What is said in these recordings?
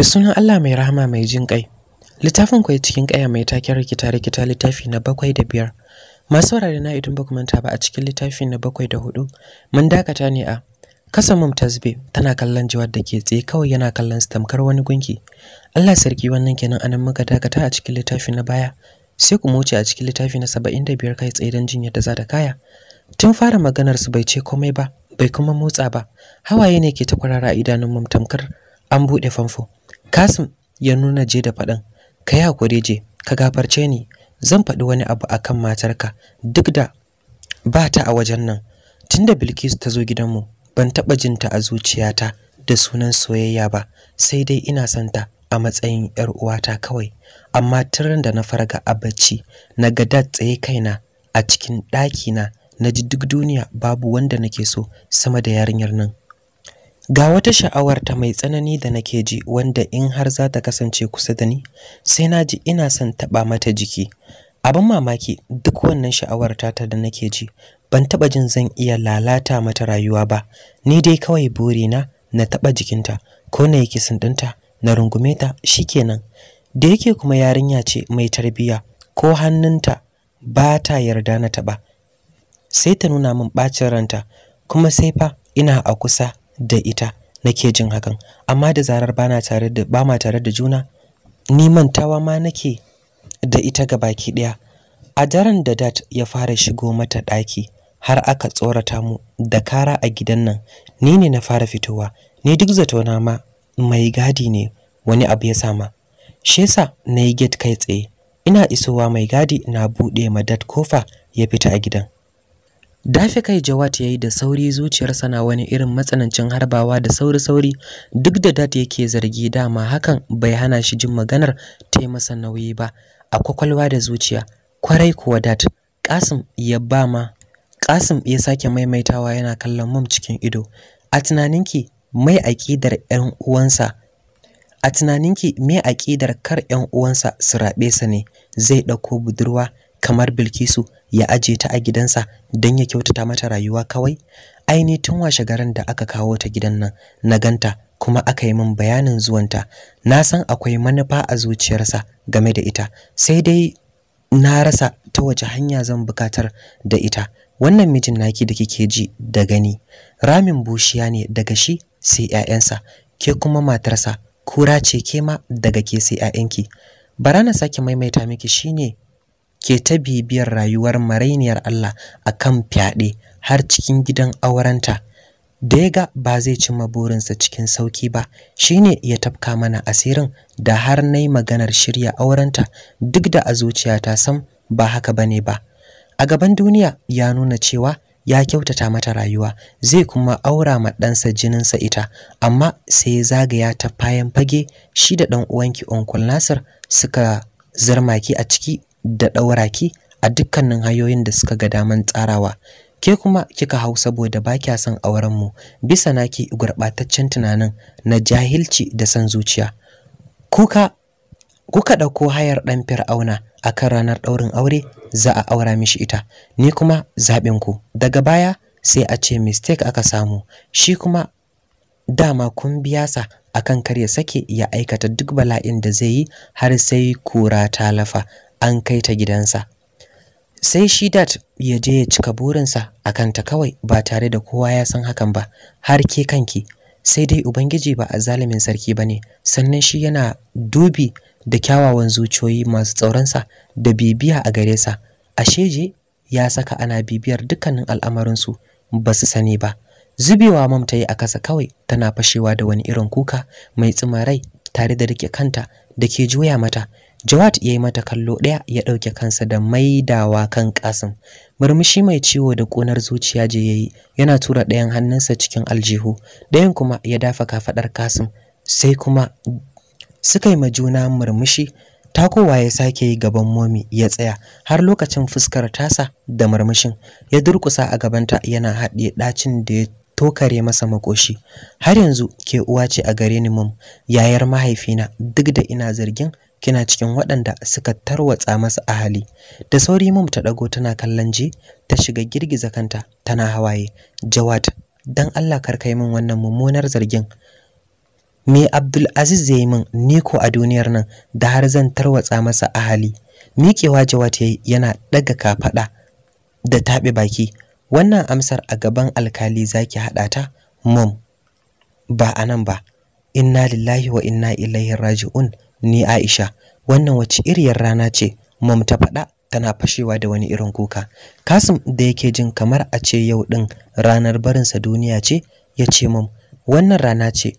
da sunan Allah mai rahama mai jin kai littafin kwai cikin kaya mai taken rikita rikita littafi na bakwai da biyar masu wurare na idan ba manta ba a cikin littafi na bakwai da hudu mun dakata ne a kasa mum tasbe tana kallon jiwar da ke tsaye kawai yana kallon tamkar wani gunki Allah sarki wannan kenan anan muka dakata a cikin littafi na baya sai ku moce a cikin littafi na saba'in da biyar kai tsaye don jin da za da kaya tun fara maganar su bai ce komai ba bai kuma motsa ba hawaye ne ke ta kwarara a idanun mum tamkar an buɗe famfo Kasim ya nuna je da faɗin, ka yi hakuri je, ka gafarce ni, zan faɗi wani abu akan matarka duk da ba ta a wajen nan. Tunda Bilkisu ta zo gidanmu, ban taɓa ta a zuciyata da sunan soyayya ba, sai dai ina son ta a matsayin 'yar uwata kawai. Amma tirin da na farga a bacci, na ga dad tsaye kaina a cikin ɗakina na ji duk duniya babu wanda nake so sama da yarinyar nan Ga wata sha'awar ta mai tsanani da nake ji wanda in har za ta kasance kusa da ni sai na ji ina son taɓa mata jiki. Abin mamaki duk wannan sha'awar ta ta da nake ji ban taɓa jin zan iya lalata mata rayuwa ba ni dai kawai buri na na taɓa jikinta ko na yi kisan ɗinta na rungume ta shikenan da yake kuma yarinya ce mai tarbiyya ko hannunta ba ta yarda na taɓa sai ta nuna min ɓacin ranta kuma sai fa ina a kusa da ita nake jin hakan amma da zarar bana tare da ba ma tare da juna ni mantawa ma nake da ita ga baki daya a daren da dat ya fara shigo mata daki har aka tsorata mu da kara a gidan nan ni ne na fara fitowa ni duk zatona ma mai gadi ne wani abu ya sama shi yasa na yi gate kai tsaye ina isowa mai gadi na buɗe ma dat kofa ya fita a gidan dafe kai jawat yayi da sauri zuciyarsa na wani irin matsanancin harbawa da sauri-sauri duk da dat yake zargi dama hakan bai hana shi jin maganar ta masa nauyi ba a kwakwalwa da zuciya kwarai kuwa dat kasim ya ba ma kasim ya sake maimaitawa yana kallon mum cikin ido a tunaninki mai aƙidar ƴan uwansa a tunaninki mai aqidar kar ƴan uwansa su rabe sa ne zai ɗauko budurwa kamar bilkisu ya aje ta a gidansa don ya kyautata mata rayuwa kawai aini tun washe garin da aka kawo ta gidan nan na ganta kuma aka yi min bayanin zuwanta na san akwai manufa a zuciyarsa game da ita sai dai na rasa ta wace hanya zan bukatar da ita wannan mijin naki da kike ji da gani ramin bushiya ne daga shi sai 'ya'yansa ke kuma matarsa kura ce ke ma daga ke sai 'ya'yanki bara na sake maimaita miki shine ke ta bibiyar rayuwar marainiyar Allah a kan fyaɗe har cikin gidan aurenta da ya ga ba zai cimma burinsa cikin sauki ba Shi ne ya tafka mana asirin da har na yi maganar shirya aurenta duk da a zuciya ta san ba haka ba ne ba a gaban duniya ya nuna cewa ya kyautata mata rayuwa zai kuma aura ma ɗansa jininsa ita amma sai ya zagaya ta fayan fage shi da ɗan uwanki onkul nasir suka zarmaki a ciki da ɗauraki a dukkanin hanyoyin da suka ga daman tsarawa ke kuma kika hau saboda ba kya son auren mu bisa naki gurɓataccen tunanin na jahilci da san zuciya kuka kuka ɗauko hayar ɗan fir'auna a kan ranar ɗaurin aure za a aura mishi ita ni kuma zaɓin ku daga baya sai a ce mistake aka samu shi kuma dama kun biya sa akan kar sake ya aikata duk bala'in da zai yi har sai kura ta lafa an kai ta gidansa sai shi dat ya je ya cika burinsa a kanta kawai ba tare da kowa ya san hakan ba har ke kanki sai dai ubangiji ba a zalimin sarki ba ne sannan shi yana dubi da kyawawan zuciyoyi masu tsaronsa da bibiya a gare sa asheje ya saka ana bibiyar dukkanin al'amarinsu ba su sani ba zubewa mam ta yi a kasa kawai tana fashewa da wani irin kuka mai tsimarai tare da rike kanta da ke juya mata Jawad ya yi mata kallo ɗaya ya ɗauke kansa da maidawa kan Kasim. Murmushi mai ciwo da ƙunar zuciya je ya yi, yana tura ɗayan hannunsa cikin aljihu, ɗayan kuma ya dafa kafaɗar Kasim, sai kuma suka yi ma juna murmushi takowa ya sake yi gaban momi ya tsaya har lokacin fuskar tasa da murmushin ya durƙusa a gabanta yana haɗe ɗacin da ya tokare masa makoshi har yanzu ke uwa ce a gare ni mum yayar mahaifina duk da ina zargin kina cikin waɗanda suka tarwatsa masa ahali da sauri mum ta ɗago tana kallon je ta shiga girgiza kanta tana hawaye jawad dan Allah kar kai min wannan mummunar zargin me Abdul Aziz zai min ni ko a duniyar nan da har zan tarwatsa masa ahali miƙewa jawad yayi yana daga kafada da taɓi baki wannan amsar a gaban alkali zaki haɗa ta mum ba anan ba inna lillahi wa inna ilaihi raji'un ni Aisha wannan wace iriyar rana ce mom ta faɗa tana fashewa da wani irin kuka Kasim da yake jin kamar a ce yau din ranar barinsa duniya ce ya ce mom wannan rana ce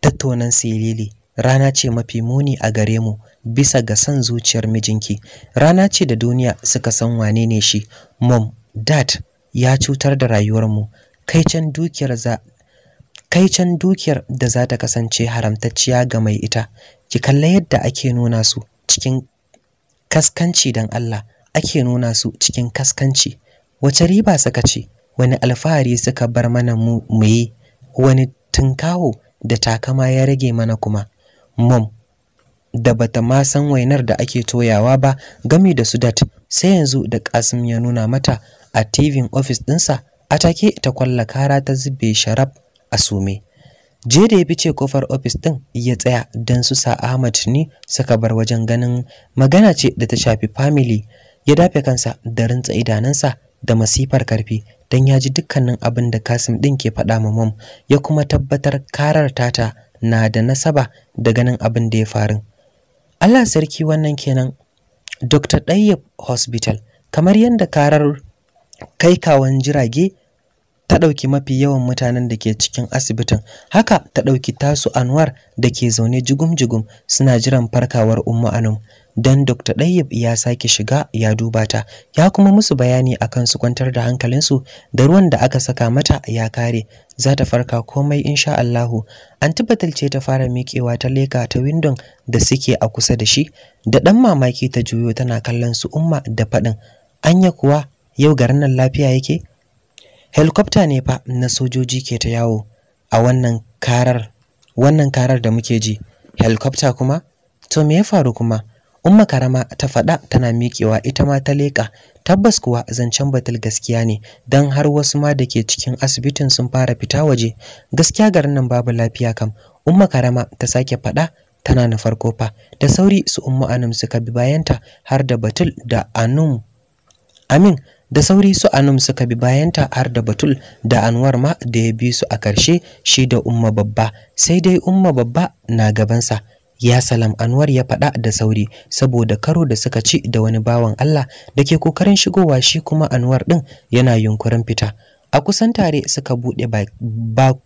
tattonan silili rana ce mafi muni a gare mu bisa ga san zuciyar mijinki rana ce da duniya suka san wane ne shi mom dad ya cutar da rayuwarmu kai can dukiyar za kai can dukiyar da za ta kasance haramtacciya ga mai ita ki kalla yadda ake nuna su cikin kaskanci dan Allah ake nuna su cikin kaskanci wace riba suka ce wani alfahari suka bar mana mu yi wani tunkawo da takama ya rage mana kuma mom da bata ma san wainar da ake toyawa ba gami da Sudat sai yanzu da Kasim ya nuna mata a TV office dinsa a take ta kwalla kara ta zube sharab a sume je da ya fice kofar ofis din ya tsaya don su sa Ahmad ne suka bar wajen ganin magana ce da ta shafi family ya dafe kansa da rintsa idanansa da masifar karfi don ya ji dukkanin abin da Kasim din ke faɗa ma mom ya kuma tabbatar karar tata na da nasaba da ganin abin da ya faru. Allah sarki wannan kenan Dr. Dayyab Hospital kamar yadda karar kai kawon jirage ta ɗauki mafi yawan mutanen da ke cikin asibitin haka ta ɗauki tasu anwar da ke zaune jigum-jigum suna jiran farkawar umma anum don dr ɗayyab ya sake shiga ya duba ta ya kuma musu bayani akan su kwantar da hankalinsu da ruwan da aka saka mata ya kare za ta farka komai insha Allahu an tabbatar ce ta fara miƙewa ta leka ta windon da suke a kusa da shi da ɗan mamaki ta juyo tana kallon su umma da faɗin anya kuwa yau garin nan lafiya yake Helikwafta ne fa na sojoji ke ta yawo a wannan karar wannan karar da muke ji. Helikwafta kuma? To me ya faru kuma? Umma Karama ta faɗa tana miƙewa ita ma ta leƙa. Tabbas kuwa zancen batul gaskiya ne don har wasu ma da ke cikin asibitin sun fara fita waje. Gaskiya garin nan babu lafiya kam. Umma Karama ta sake faɗa tana na farko fa. Da sauri su Umma Anum suka bi bayanta har da Batul da Anum. Amin da sauri su anum suka bi bayanta har da batul da anwar ma da ya bi su a karshe shi da umma babba sai dai umma babba na gabansa ya salam anwar ya faɗa da sauri saboda karo da suka ci da wani bawan allah da ke kokarin shigowa shi kuma anwar ɗin yana yunkurin fita a kusan tare suka buɗe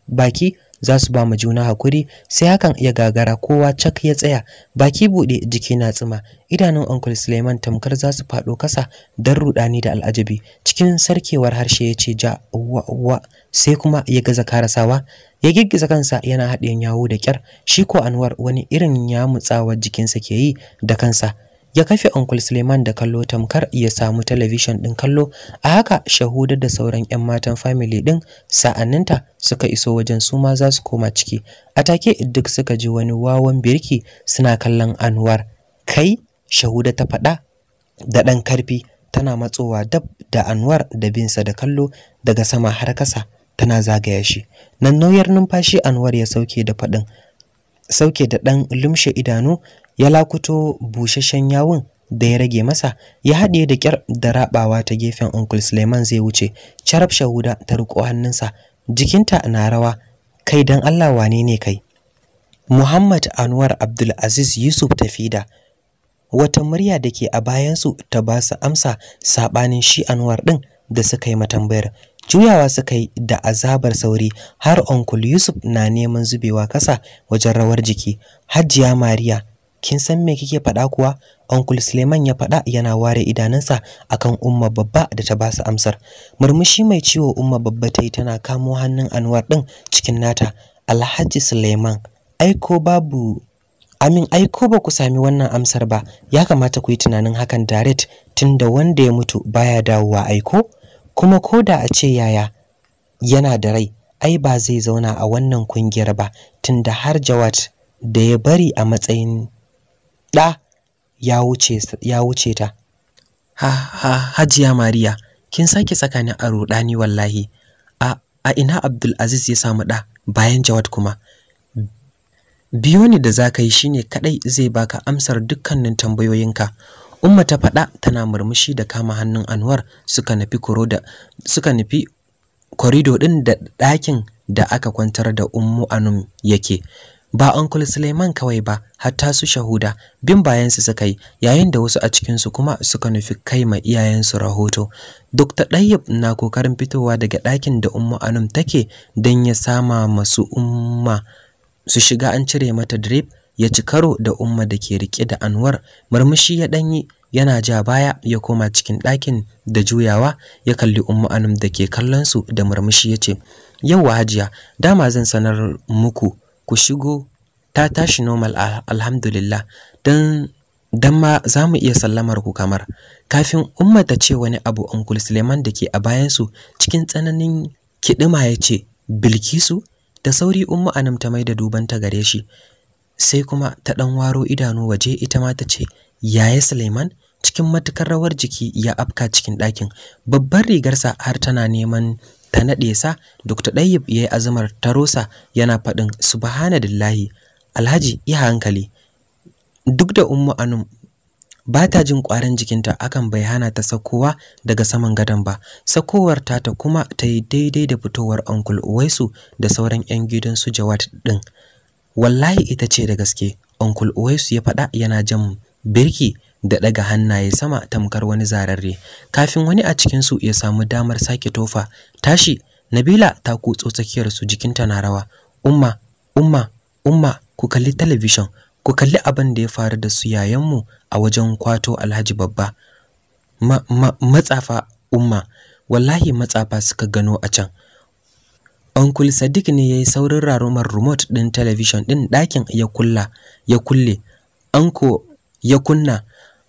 baki za su ba mu juna hakuri sai hakan ya gagara kowa cak ya tsaya baki buɗe jiki na tsima idanun uncle Suleiman tamkar za su faɗo kasa dan rudani da al'ajabi cikin sarkewar harshe ya ce ja wa wa sai kuma ya gaza karasawa ya giggiza kansa yana haɗin yawo da kyar shi ko Anwar wani irin ya mutsawa jikinsa ke yi da kansa ya kafe Uncle Suleiman da kallo tamkar ya samu talabishin ɗin kallo a haka shahuda da sauran 'yan matan family ɗin sa'anninta suka iso wajen su ma za su koma ciki a take duk suka ji wani wawan birki suna kallon Anwar kai shahuda ta faɗa da ɗan karfi tana matsowa dab da Anwar da binsa da kallo daga sama har kasa tana zagaya shi nan nauyar numfashi Anwar ya sauke da faɗin sauke da ɗan lumshe idanu ya lakuto busasshen yawun da ya rage masa ya haɗe da kyar da rabawa ta gefen Uncle Suleiman zai wuce Sharaf Shahuda ta riko hannunsa jikinta na rawa kai dan Allah wane ne kai Muhammad Anwar Abdul Aziz Yusuf Tafida wata murya da ke a bayansu ta ba su amsa saɓanin shi Anwar din da suka yi matambayar juyawa suka yi da azabar sauri har Uncle Yusuf na neman zubewa kasa wajen rawar jiki Hajiya Mariya kin san me kike faɗa kuwa uncle Suleiman ya faɗa yana ware idanunsa akan umma babba da ta basu amsar murmushi mai ciwo umma babba ta yi tana kamo hannun Anwar ɗin cikin nata Alhaji Suleiman aiko babu Amin aiko ba ku sami wannan amsar ba ya kamata ku yi tunanin hakan direct tunda wanda ya mutu baya dawowa aiko kuma ko da a ce yaya yana da rai ai ba zai zauna a wannan kungiyar ba tunda har Jawad da ya bari a matsayin ɗa ya wuce ya wuce ta ha ha hajiya mariya kin sake tsakanin a ruɗani wallahi a a ina abdul aziz ya samu ɗa bayan jawad kuma biyo ne da zaka yi shine kaɗai zai baka amsar dukkanin tambayoyinka umma ta faɗa tana murmushi da kama hannun anwar suka nufi da suka nufi korido din da ɗakin da aka kwantar da ummu anum yake ba Uncle Suleiman kawai ba hatta su shahuda bin bayan su suka yi yayin da wasu a cikin su kuma suka nufi kai ma iyayensu rahoto Dr. Dayyab na kokarin fitowa daga ɗakin da Ummu Anum take don ya sama masu umma su shiga an cire mata drip ya ci karo da umma da ke rike da Anwar murmushi ya danyi yana ja baya ya koma cikin ɗakin da juyawa ya kalli umma Anum da ke kallon su da murmushi ya ce yauwa hajiya dama zan sanar muku ku shigo ta tashi normal alhamdulillah don dan ma za mu iya sallamar ku kamar kafin umma ta ce wani abu uncle Suleiman da ke a bayansu cikin tsananin kidima ya ce Bilkisu da sauri umma Anam ta mai da duban ta gare shi sai kuma ta dan waro idanu waje ita ma ta ce yaya Suleiman cikin matukar rawar jiki ya afka cikin ɗakin babbar rigarsa har tana neman ta naɗe sa Dr. Dayyib ya yi azumar tarosa yana faɗin subhanallahi Alhaji ya hankali duk da Ummu Anum ba ta jin ƙwarin jikinta akan bai hana ta sakowa daga saman gadon ba sakowar ta kuma ta yi daidai da fitowar Uncle Uwaisu da sauran 'yan gidan su Jawad din wallahi ita ce da gaske Uncle Uwaisu ya faɗa yana jan birki da daga hannaye sama tamkar wani zararre kafin wani a cikin su ya samu damar sake tofa tashi Nabila ta kutso tsakiyar su jikinta na rawa umma umma umma ku kalli talabijin ku kalli abin da ya faru da su yayanmu a wajen kwato Alhaji babba matsafa umma wallahi matsafa suka gano a can Uncle Sadiq ne yayi saurin rarumar remote ɗin television ɗin ɗakin ya kulla ya kulle anko ya kunna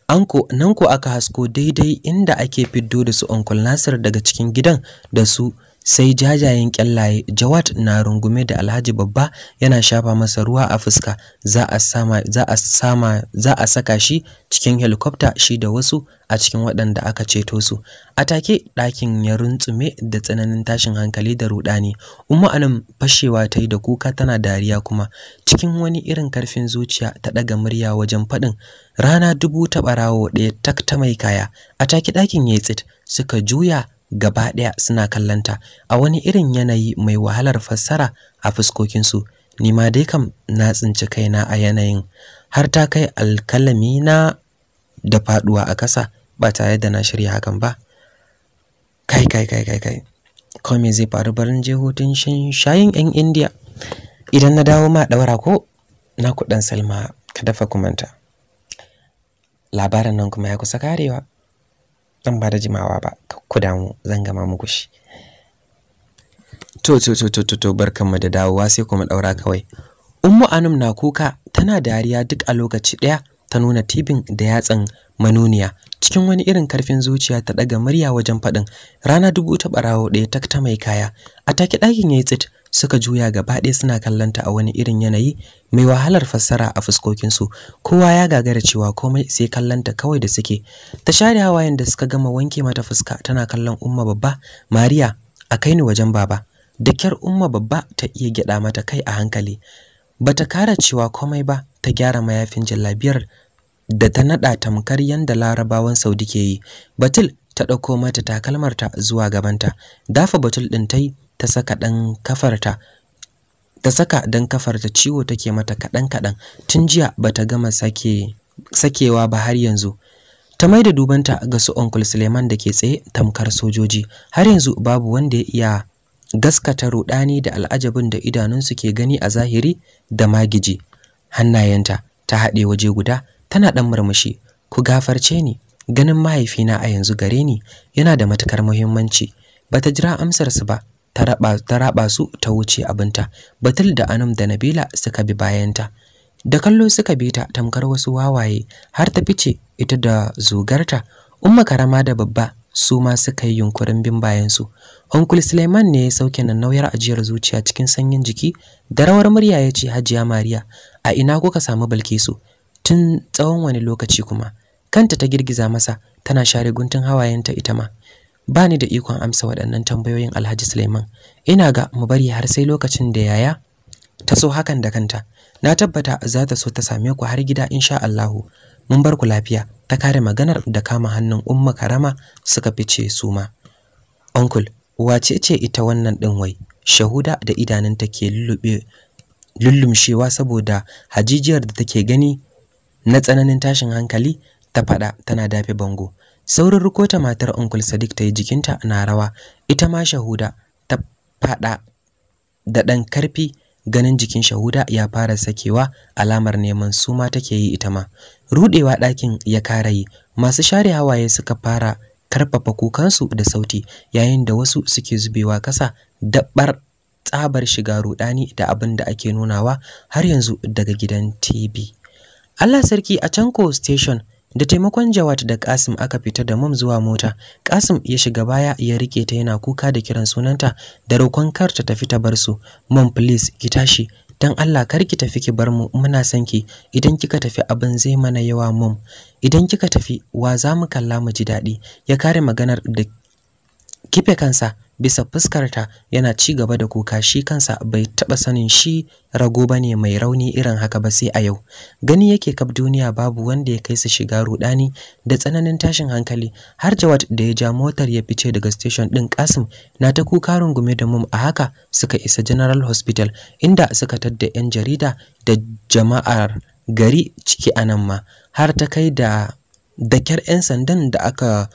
Anko nan ko aka hasko daidai inda ake fiddo da su Uncle Nasir daga cikin gidan da su sai jajayen kyallaye Jawad na rungume da Alhaji babba yana shafa masa ruwa a fuska za a saka shi cikin helicopter shi da wasu a cikin waɗanda aka ceto su a take ɗakin ya runtsume da tsananin tashin hankali da rudani umma anan fashewa ta yi da kuka tana dariya kuma cikin wani irin karfin zuciya ta ɗaga murya wajen faɗin rana dubu ta ɓarawo ɗaya takta mai kaya a take ɗakin ya tsit suka juya gaba ɗaya suna kallanta a wani irin yanayi mai wahalar fassara a fuskokinsu ni ma dai kam na tsinci kaina a yanayin har ta kai alkalami na da faɗuwa a ƙasa ba tare da na shirya hakan ba kai kai kai kai kai kome zai faru barin je hutun shayin 'yan indiya idan na dawo ma ɗaura ko na kuɗin salma ka dafa kumanta labarin nan kuma ya kusa karewa zan ba da jimawa ba ku damu zan gama muku shi to to to to to barkanmu da dawowa sai kuma ɗaura kawai ummu anum na kuka tana dariya duk a lokaci ɗaya ta nuna tibin da yatsan manuniya cikin wani irin karfin zuciya ta ɗaga murya wajen faɗin, rana dubu ta barawo ɗaya ta ta mai kaya a take dakin yayi tsit suka juya gaba ɗaya suna ta a wani irin yanayi mai wahalar fassara a fuskokinsu kowa ya gagara cewa komai sai kallonta kawai da suke ta share hawayen da suka gama wanke mata fuska tana kallon umma babba mariya a kai ni wajen baba da kyar umma babba ta iya gyada mata kai a hankali bata kara cewa komai ba ta gyara mayafin jallabiyar da ta nada tamkar yanda larabawan saudi ke yi batul ta ɗauko mata takalmarta zuwa gabanta dafa batul ɗin ta yi ta saka dan kafarta ta saka dan kafarta ciwo take mata kadan kadan tun jiya bata gama sake sakewa ba har yanzu ta maida dubanta ga su uncle Suleiman da ke tsaye tamkar sojoji har yanzu babu wanda ya iya gaskata rudani da al'ajabin da idanunsu ke gani a zahiri da magiji hannayenta ta haɗe waje guda tana ɗan murmushi ku gafarce ni ganin mahaifina a yanzu gare ni yana da matukar muhimmanci bata jira amsarsu ba ta raba su ta wuce abinta batul da anam da nabila suka bi bayanta da kallo suka bi ta tamkar wasu wawaye har ta fice ita da zugarta umma karama da babba su ma suka yi yunkurin bin bayansu onkul suleiman ne ya sauke na nauyar ajiyar zuciya cikin sanyin jiki da rawar murya ya ce hajiya mariya a ina kuka samu bilkisu tun tsawon wani lokaci kuma kanta ta girgiza masa tana share guntun hawayenta ita ma Bani da ikon amsa waɗannan tambayoyin Alhaji Suleiman ina ga mu bari har sai lokacin da yaya ta so hakan da kanta na tabbata za ta so ta same ku har gida insha Allah mun bar ku lafiya ta kare maganar da kama hannun umma karama suka fice su ma uncle wace ce ita wannan din wai shahuda da idanunta ke lullube lullumshewa saboda hajijiyar da take gani na tsananin tashin hankali ta fada tana dafe bango saurin rukota matar Uncle Sadiq ta yi jikinta na rawa ita ma shahuda ta fada da ɗan karfi ganin jikin shahuda ya fara sakewa alamar neman su suma take yi ita ma Ruɗewa ɗakin ya kara yi masu share hawaye suka fara karfafa kukansu da sauti yayin da wasu suke zubewa kasa daɓar tsabar shiga ruɗani da abin da ake nunawa har yanzu daga gidan TV. Allah sarki a Chanko station da taimakon Jawad da Kasim aka fita da mum zuwa mota Kasim ya shiga baya ya rike ta yana kuka da kiran sunanta da roƙon kar ta tafi ta bar su mum please ki tashi dan Allah kar ki tafi ki bar mu muna son ki idan kika tafi abin zai mana yawa mum idan kika tafi wa za mu kalla mu ji daɗi ya kare maganar da kife kansa bisa fuskarta yana ci gaba da kuka shi kansa bai taba sanin shi rago bane mai rauni irin haka ba sai a yau gani yake kaf duniya babu wanda ya kai su shiga rudani da tsananin tashin hankali har Jawad da ya ja motar ya fice daga station din Kasim na ta kuka rungume da mum a haka suka isa General Hospital inda suka tadda yan jarida da jama'ar gari ciki anan ma har ta kai da dakar yan sandan da aka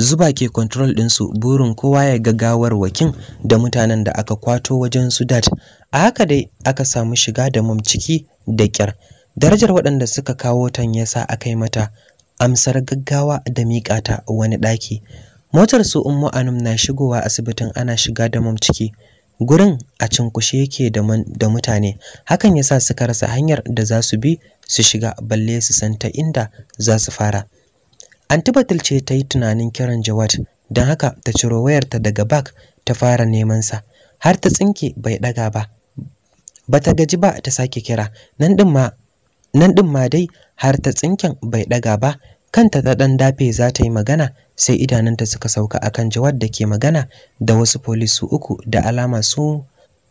zuba ke control ɗinsu burin kowa ya ga wakin da mutanen da aka kwato wajen su dat a haka dai aka samu shiga da mamciki da ƙyar darajar waɗanda suka kawo tan yasa aka yi mata amsar gaggawa da miƙata wani ɗaki motar su ummu anum na shigowa asibitin ana shiga da mamciki gurin a cinkushe yake da mutane hakan yasa suka rasa hanyar da za su bi su shiga balle su san ta inda za su fara Antibatul ce ta yi tunanin kiran Jawad don haka ta ciro wayarta daga bak ta fara neman sa har ta tsinke bai daga ba. Ba ta gaji ba ta sake kira nan din ma dai har ta tsinken bai ɗaga ba kanta ta ɗan dafe za ta yi magana sai idanunta suka sauka akan Jawad da ke magana da wasu police uku da alama su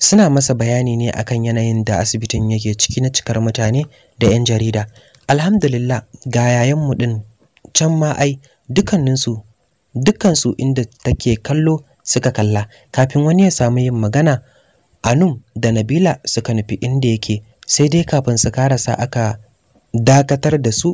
suna masa bayani ne akan yanayin da asibitin yake ciki na cikar mutane da 'yan jarida alhamdulillah ga yayanmu din can ma ai dukkaninsu dukkansu inda take kallo suka kalla kafin wani ya samu yin magana anum da nabila suka nufi inda yake sai dai kafin su karasa aka dakatar da su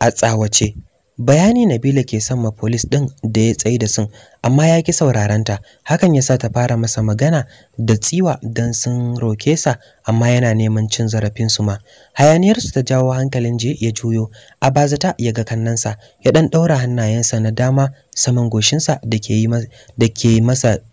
a tsawace Bayani Nabila ke son ma police din da ya tsaye da sun amma ya ki sauraranta, ta hakan yasa ta fara masa magana da tsiwa dan sun roke sa amma yana neman cin zarafin su ma hayaniyar su ta jawo hankalin je ya juyo a bazata ya ga kannansa ya dan daura hannayensa na dama saman goshin sa da ke masa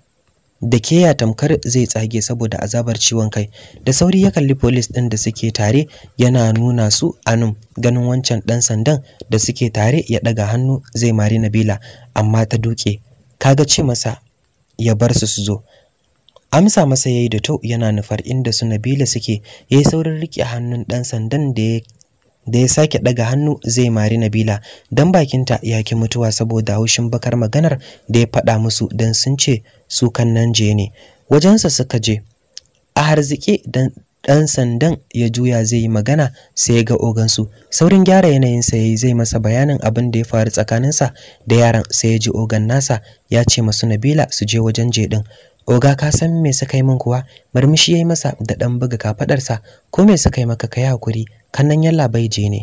da ke ya tamkar zai tsage saboda azabar ciwon kai da sauri ya kalli polis ɗin da suke tare yana nuna su anum ganin wancan ɗan sandan da suke tare ya ɗaga hannu zai mari nabila amma ta duke kaga ce masa ya bar su su zo amsa masa yayi da to yana nufar inda su nabila suke yayi saurin rike hannun ɗan sandan da ya da ya sake daga hannu zai mari Nabila don bakinta ya ki mutuwa saboda haushin bakar maganar da ya faɗa musu don sun ce su kannan je ne wajensa suka je a harziki, dan ɗan sandan ya juya zai yi magana sai ya ga ogansu saurin gyara yanayinsa ya yi zai masa bayanin abin da ya faru tsakaninsa da yaran sai ya ji ogan nasa ya ce masu Nabila su je wajen je din Oga ka san me suka yi min kuwa? ya yi masa da ɗan buga kafaɗarsa, Ko me suka yi maka kai hakuri? kannan yallaɓai je ne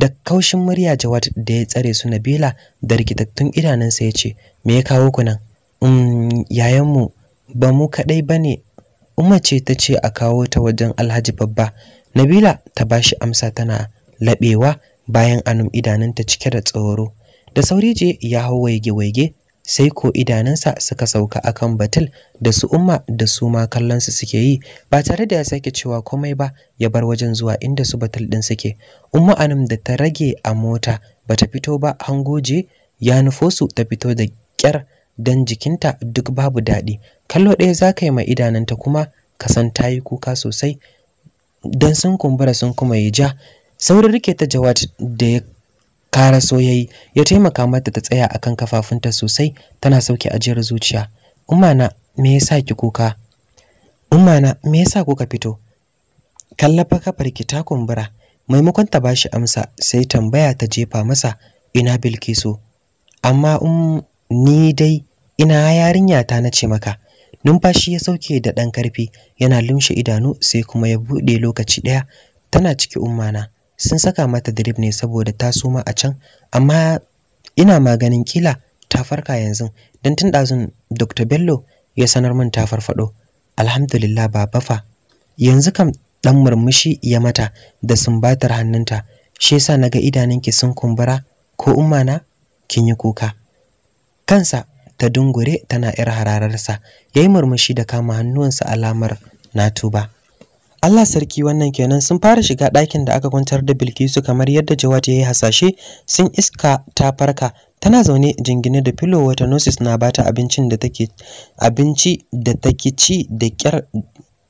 da kaushin murya jawad da ya tsare su nabila da rikitattun idanunsa ya ce me ya kawo ku nan um, mu ba mu kaɗai ba umma ce ta ce a kawo ta wajen alhaji babba nabila ta bashi amsa tana labewa bayan anum idanunta cike da tsoro da sauri je ya hau waige-waige sai ko idanunsa suka sauka akan batul da su umma da su ma kallonsu suke yi ba tare da ya sake cewa komai ba ya bar wajen zuwa inda su batul din suke umma anum da ta rage a mota bata fito ba hangoje ya nufo su ta fito da kyar dan jikinta duk babu daɗi kallo ɗaya za ka yi ma idanunta kuma ka san ta yi kuka sosai don sun kumbura sun kuma yi ja saurin rike ta jawat da ya Kara soyayi ya taimaka mata ta tsaya akan kafafunta sosai tana sauke ajiyar zuciya. Umma na me yasa ki kuka? Umma na me yasa kuka fito? Kallafa ka ta kumbura. Maimakon ta bashi amsa sai tambaya ta jefa masa ina Bilkisu. Amma um ni dai ina yarinya ta nace maka. Numfashi ya sauke da ɗan karfi yana lumshe idanu sai kuma ya bude lokaci ɗaya tana ciki ummana. sun saka mata drip ne saboda ta suma a can amma ina maganin kila ta farka yanzu dan tun ɗazun Dr. Bello ya sanar min ta farfado alhamdulillah ba bafa yanzu kam dan murmushi ya mata da sumbatar hannunta shi yasa naga idanunki sun kumbura ko ummana na kin yi kuka kansa ta dungure tana yar harararsa yayi murmushi da kama hannuwansa alamar na tuba Allah sarki wannan kenan sun fara shiga ɗakin da aka kwantar da Bilkisu kamar yadda Jawad ya yi hasashe sun iska ta farka tana zaune jingine da filo wata nosis na bata abincin da take abinci da take ci da kyar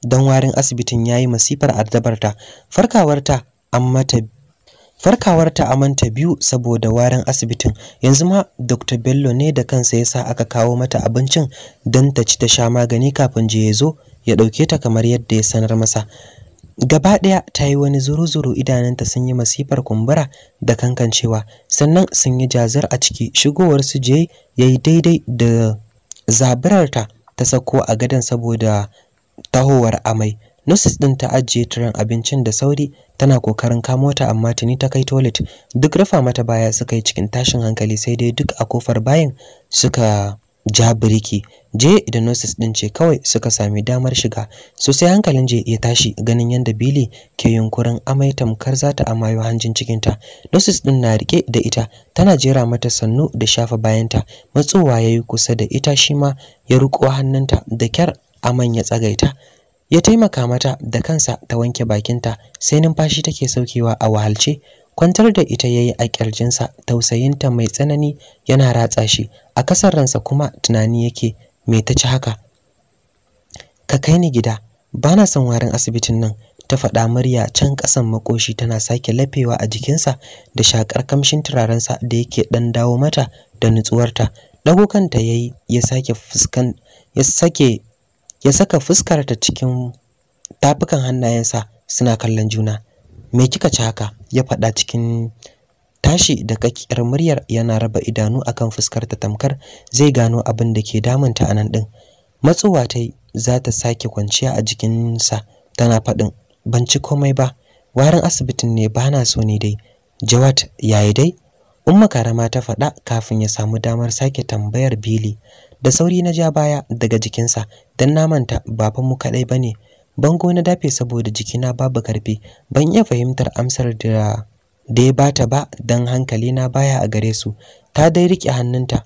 dan warin asibitin yayi masifar addabarta farkawarta amma ta farkawarta amanta biyu saboda warin asibitin yanzu ma Dr. Bello ne da kansa yasa aka kawo mata abincin don ta ci ta sha magani kafin je ya zo ya ɗauke ta kamar yadda ya sanar masa gaba ɗaya ta yi wani zuru-zuru idananta sun yi masifar kumbura da kankancewa sannan sun yi jazir a ciki shigowar su je ya yi daidai da zabirarta ta sako a gadon saboda tahowar amai Nurses din ta ajiye turan abincin da sauri tana kokarin kamo ta amma tuni ta kai toilet duk rufa mata baya suka yi cikin tashin hankali sai dai duk a kofar bayan suka ja biriki je da noses din ce kawai suka sami damar shiga sosai hankalin je ya tashi ganin yadda bili ke yunkurin amai tamkar zata amayo hanjin cikinta nosis din na rike da ita tana jera mata sannu da shafa bayanta matsowa yayi kusa da ita shi ma ya riko hannunta da kyar aman ya tsagaita ya taimaka mata da kansa ta wanke bakinta sai numfashi take saukewa a wahalce kwantar da ita yayi a kirjinsa tausayinta mai tsanani yana ratsa shi a kasar ransa kuma tunani yake me ta ci haka ka kai ni gida bana son warin asibitin nan ta faɗa murya can ƙasan makoshi tana sake lafewa a jikinsa da shakar kamshin turarensa da yake ɗan dawo mata da nutsuwarta ɗago kanta ya ya sake fuskan ya sake ya saka fuskarta cikin tafukan hannayensa suna kallon juna me kika ci haka ya faɗa cikin tashi da kakkiyar muryar yana raba idanu akan fuskar ta tamkar zai gano abin da ke damunta a nan din matsuwa ta za ta sake kwanciya a jikinsa tana faɗin ban ci komai ba warin asibitin ne ba na so ne dai jawat yayi dai umma karama ta faɗa kafin ya samu damar sake tambayar bili da sauri na ja baya daga jikinsa dan namanta ba fa mu kaɗai bane bango na dafe saboda jikina babu karfi ban iya fahimtar amsar da da ya bata ba don hankali na baya a gare su ta dai rike hannunta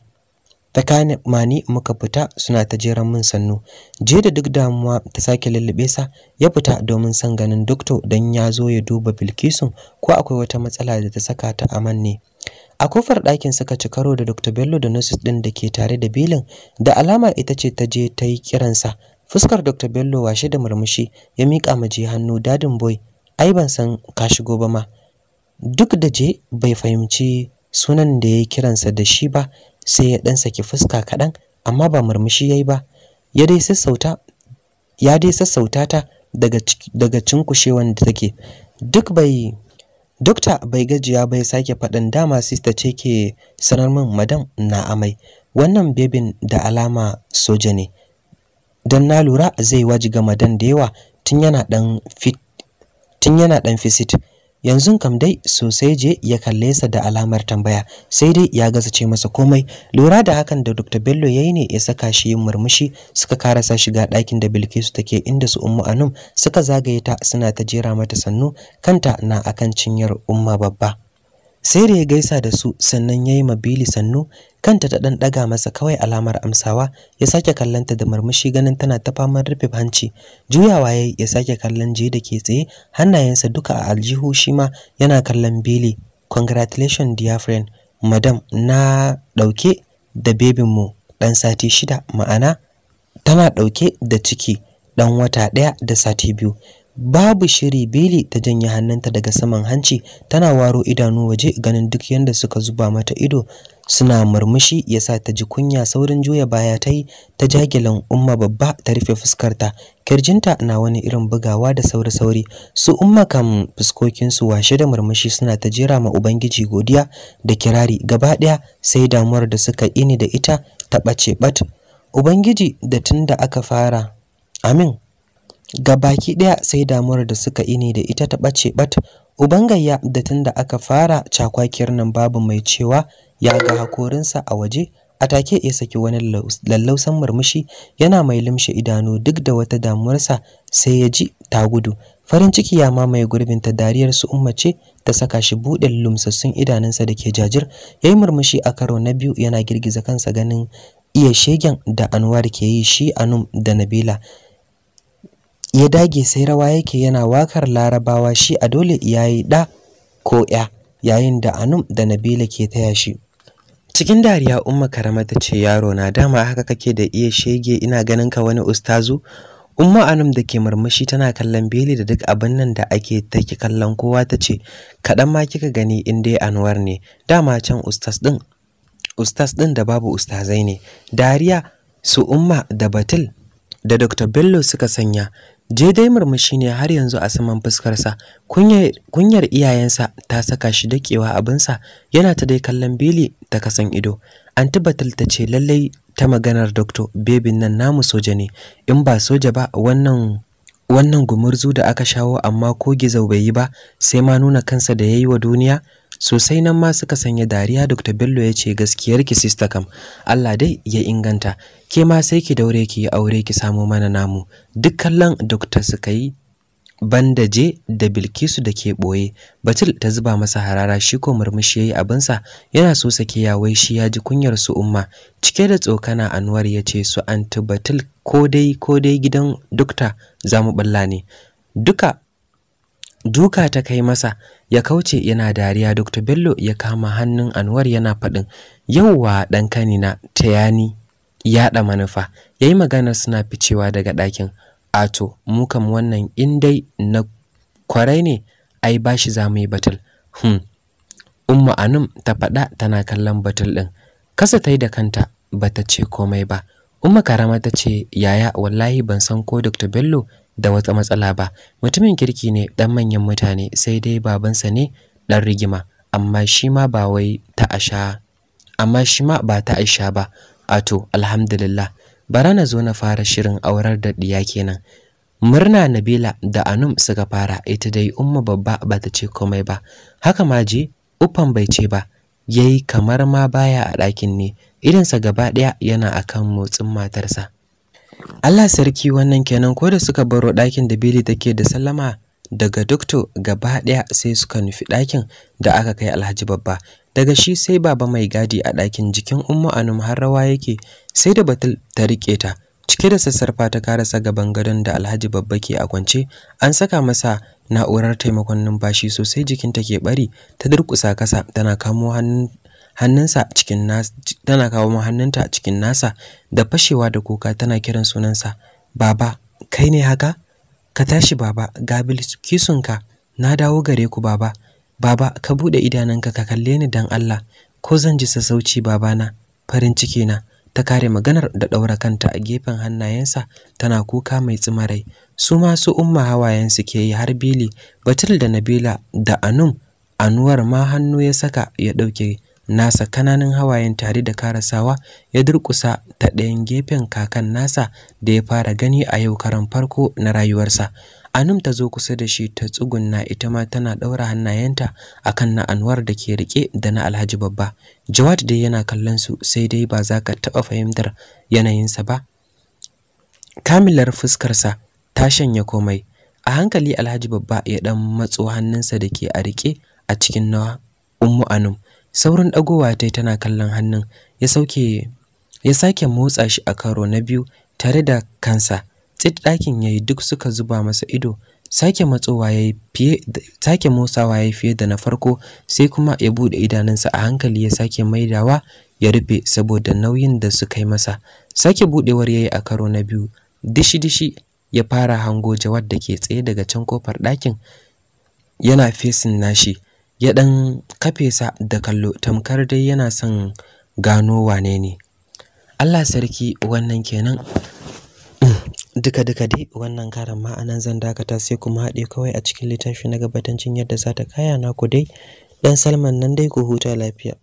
ta kane mani muka fita suna ta jeran min sannu je da duk damuwa ta sake lullube sa ya fita domin san ganin dokto dan ya zo ya duba bilkisun ko akwai wata matsala da ta saka ta aman ne a kofar ɗakin suka ci karo da dr bello da nurses ɗin da ke tare da bilin da alama ita ce ta je ta yi kiransa fuskar dr bello washe da murmushi ya miƙa ma hannu dadin boy ai ban san ka shigo ba ma duk da je bai fahimci sunan da ya kiransa da shi ba sai ya dan saki fuska kaɗan amma ba murmushi yayi ba ya dai sassauta ya dai sassauta ta daga daga cinkushewan da take duk bai dokta bai gajiya bai sake faɗin dama sister ce ke sanar min madam na amai wannan bebin da alama soja ne don na lura zai ga madan da yawa tun yana ɗan fisit yanzu kam dai sosai je ya kalle sa da alamar tambaya sai dai ya gaza ce masa komai lura da hakan da Dr. Bello yayi ne ya saka shi yin murmushi suka karasa shiga ɗakin da Bilkisu take inda su Ummu Anum suka zagaye ta suna ta jera mata sannu kanta na akan cinyar Umma babba sai da ya gaisa da su sannan ya yi mabili sannu kanta ta ɗan ɗaga masa kawai alamar amsawa ya sake kallonta da murmushi ganin tana ta faman rufe hanci juyawa ya ya sake kallon je da ke tsaye hannayensa duka a aljihu shi ma yana kallon bili "Congratulation, dear friend madam na ɗauke da bebinmu ɗan sati shida ma'ana tana ɗauke da ciki ɗan wata ɗaya da sati biyu babu shiri beli ta janye hannunta daga saman hanci tana waro idanu waje ganin duk yanda suka zuba mata ido suna murmushi yasa ta ji kunya saurin juya baya ta yi ta jagilan umma babba ta rufe fuskarta kirjinta na wani irin bugawa da sauri sauri su umma kam fuskokinsu washe da murmushi suna ta jera ma ubangiji godiya da kirari gaba ɗaya sai damuwar da suka ini da ita ta ɓace ɓat ubangiji da tunda aka fara amin Ga baki ɗaya sai damuwar da suka ini da ita ta ɓace bat uban da tunda aka fara cakwakiyar nan babu mai cewa ya ga hakorinsa a waje a take ya saki wani lallausan murmushi yana mai limshe idanu duk da wata damuwarsa sai ya ji ta gudu farin ciki ya mamaye gurbin ta dariyar su ummace ta saka shi buɗe lumsassun idanunsa da ke jajir yayi murmushi a karo na biyu yana girgiza kansa ganin iya shegen da Anwar ke yi shi Anum da Nabila ya dage sai rawa yake yana wakar larabawa shi a dole iyaye ɗa ko ya yayin da anum da nabila ke taya shi cikin dariya umma karama ta ce yaro na dama haka kake da iya shege ina ganin ka wani ustazu umma anum da ke murmushi tana kallon beli da duk abin nan da ake taki kallon kowa ta ce kaɗan ma kika gani in dai anwar ne dama can ustaz ɗin ustaz ɗin da babu ustazai ne dariya su umma da batil da dr bello suka sanya je dai murmushi ne har yanzu a saman fuskarsa kunyar iyayensa ta saka shi dakewa abinsa yana ta dai kallon bili ta kasan ido anti batul ta ce lallai ta maganar doctor bebin nan namu soja ne in ba soja ba wannan wannan gumurzu da aka shawo amma ko gizo bai yi ba sai ma nuna kansa da yayi wa duniya sosai nan ma suka sanya dariya Dr. Bello ya ce gaskiyar ki sister kam Allah dai ya inganta ke ma sai ki daure ki aure ki samu mana namu duk kallon Dr. suka yi bandaje da Bilkisu da ke boye Batil ta zuba masa harara shi ko murmushi yayi abinsa yana so sake ya wai shi ya ji kunyar su umma cike da tsokana Anwar ya ce su anti Batil ko dai ko dai gidan doctor zamu balla ne duka duka ta kai masa ya kauce yana dariya Dr. Bello ya kama hannun Anwar yana faɗin yauwa ɗan kanina ta tayani yaɗa manufa ya yi maganar suna ficewa daga ɗakin ato mu kam wannan in dai na kwarai ne ai ba shi za mu yi batul hmm umma anum ta faɗa tana kallon batul ɗin kasa ta yi da kanta ba ta ce komai ba umma karama ta ce yaya wallahi ban san ko Dr. Bello da wata matsala ba mutumin kirki ne dan manyan mutane sai dai babansa ne dan rigima amma shi ma ba wai ta asha amma shi ma ba ta aisha ba ato alhamdulillah bara na zo na fara shirin aurar da diya kenan murna nabila da anum suka fara ita dai umma babba ba ta ce komai ba haka ma je uffan bai ce ba yayi kamar ma baya a ɗakin ne idansa gaba ɗaya yana akan motsin matarsa Allah sarki wannan kenan ko da suka baro ɗakin da Billy take da sallama daga dokto gaba ɗaya sai suka nufi ɗakin da aka kai Alhaji Babba daga shi sai baba mai gadi a ɗakin jikin Ummu Anum har rawa yake sai da batul ta rike ta cike da sassarfa ta karasa gaban gadon da Alhaji Babba ke a kwance an saka masa na'urar taimakon numfashi sosai jikin take ke bari ta durƙusa kasa tana kamo hannun hannunsa cikin nasa tana kawo mu hannunta cikin nasa da fashewa da kuka tana kiran sunansa baba kai ne haka ka tashi baba ga kisunka, na dawo gare ku baba baba ka bude idananka ka kalle ni dan Allah ko zan ji sassauci babana farin ciki na ta kare maganar da daura kanta a gefen hannayensa tana kuka mai tsimarai su ma su umma hawayen su ke yi har bili batul da nabila da anum anuwar ma hannu ya saka ya dauke nasa kananan hawayen tare da karasawa ya durkusa ta ɗayan gefen kakan nasa da ya fara gani a yau karan farko na rayuwarsa Anum ta zo kusa da shi ta tsugunna ita ma tana ɗaura hannayenta a kan na Anwar da ke riƙe da na Alhaji Babba. Jawad dai yana kallon su sai dai ba za ka taɓa fahimtar yanayinsa ba. Kamilar fuskarsa ta shanya komai. A hankali Alhaji Babba ya ɗan matso hannunsa da ke a riƙe a cikin na Ummu Anum saurin dagowa ta yi tana kallon hannun ya sauke ya sake motsa shi a karo na biyu tare da kansa tsit ɗakin yi duk suka zuba masa ido sake matsowa yi fiye sake motsawa yayi fiye da na farko sai kuma ya buɗe idanunsa a hankali ya sake maidawa ya rufe saboda nauyin da suka yi masa sake budewar yi a karo na biyu dishi dishi ya fara hango Jawad da ke tsaye daga can kofar ɗakin yana fesin nashi ya ɗan kafe sa da kallo tamkar dai yana son gano wane ne Allah sarki wannan kenan duka duka dai wannan karan ma zan dakata sai kuma haɗe kawai a cikin littafi na gabatancin yadda za ta kaya na ku dai ɗan Salman nan dai ku huta lafiya